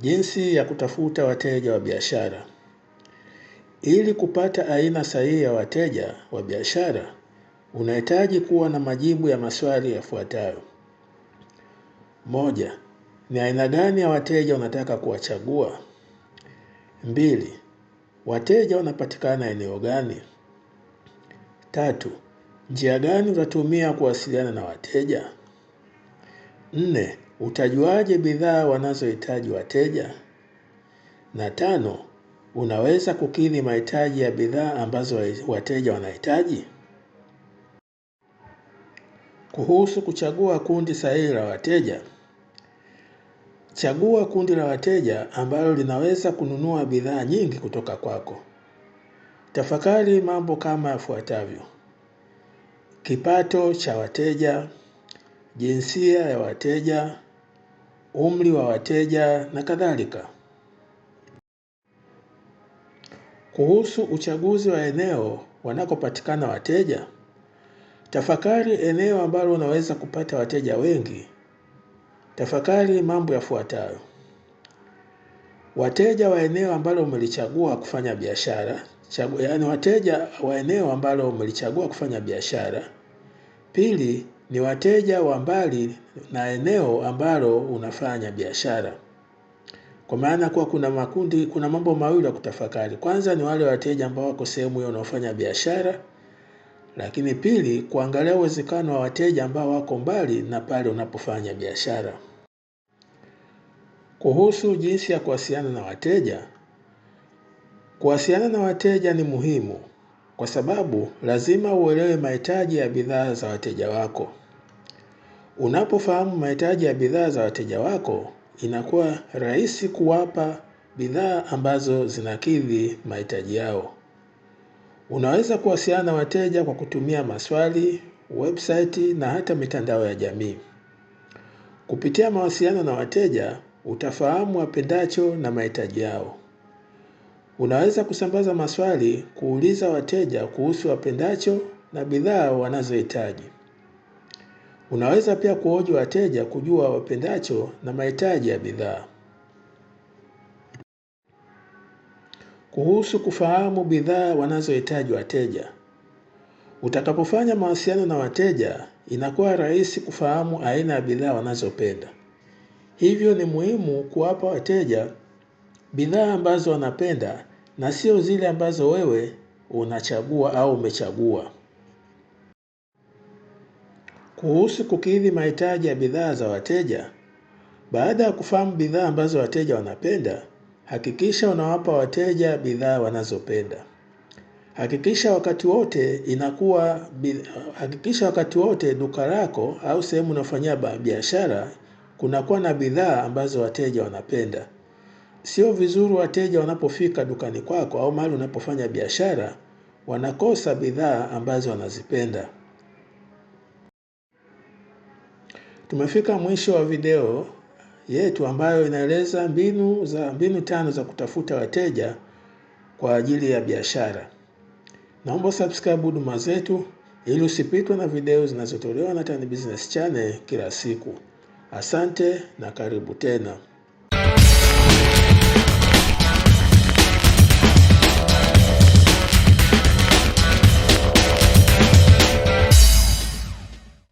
Jinsi ya kutafuta wateja wa biashara. Ili kupata aina sahihi ya wateja wa biashara, unahitaji kuwa na majibu ya maswali yafuatayo. Moja, ni aina gani ya wateja unataka kuwachagua? Mbili, wateja wanapatikana eneo gani? Tatu, njia gani utatumia kuwasiliana na wateja? Nne, utajuaje bidhaa wanazohitaji wateja? Na tano, unaweza kukidhi mahitaji ya bidhaa ambazo wateja wanahitaji? Kuhusu kuchagua kundi sahihi la wateja, chagua kundi la wateja ambalo linaweza kununua bidhaa nyingi kutoka kwako. Tafakari mambo kama yafuatavyo: kipato cha wateja jinsia ya wateja, umri wa wateja na kadhalika. Kuhusu uchaguzi wa eneo wanakopatikana wateja, tafakari eneo ambalo unaweza kupata wateja wengi. Tafakari mambo yafuatayo: wateja wa eneo ambalo umelichagua kufanya biashara chagu, yaani wateja wa eneo ambalo umelichagua kufanya biashara. Pili, ni wateja wa mbali na eneo ambalo unafanya biashara. Kwa maana kuwa kuna makundi, kuna mambo mawili ya kutafakari. Kwanza ni wale wateja ambao wako sehemu hiyo unaofanya biashara, lakini pili kuangalia uwezekano wa wateja ambao wako mbali na pale unapofanya biashara. Kuhusu jinsi ya kuwasiliana na wateja, kuwasiliana na wateja ni muhimu kwa sababu lazima uelewe mahitaji ya bidhaa za wateja wako. Unapofahamu mahitaji ya bidhaa za wateja wako, inakuwa rahisi kuwapa bidhaa ambazo zinakidhi mahitaji yao. Unaweza kuwasiliana na wateja kwa kutumia maswali, website na hata mitandao ya jamii. Kupitia mawasiliano na wateja, utafahamu wapendacho na mahitaji yao. Unaweza kusambaza maswali kuuliza wateja kuhusu wapendacho na bidhaa wanazohitaji. Unaweza pia kuhoji wateja kujua wapendacho na mahitaji ya bidhaa. Kuhusu kufahamu bidhaa wanazohitaji wateja. Utakapofanya mawasiliano na wateja inakuwa rahisi kufahamu aina ya bidhaa wanazopenda. Hivyo ni muhimu kuwapa wateja bidhaa ambazo wanapenda na sio zile ambazo wewe unachagua au umechagua. Kuhusu kukidhi mahitaji ya bidhaa za wateja, baada ya kufahamu bidhaa ambazo wateja wanapenda, hakikisha unawapa wateja bidhaa wanazopenda. Hakikisha wakati wote inakuwa hakikisha wakati wote duka lako au sehemu unafanyia biashara kunakuwa na bidhaa ambazo wateja wanapenda. Sio vizuri wateja wanapofika dukani kwako au mahali unapofanya biashara wanakosa bidhaa ambazo wanazipenda. Tumefika mwisho wa video yetu ambayo inaeleza mbinu za mbinu tano za kutafuta wateja kwa ajili ya biashara. Naomba subscribe huduma zetu ili usipitwe na video zinazotolewa na Tan Business Channel kila siku. Asante na karibu tena.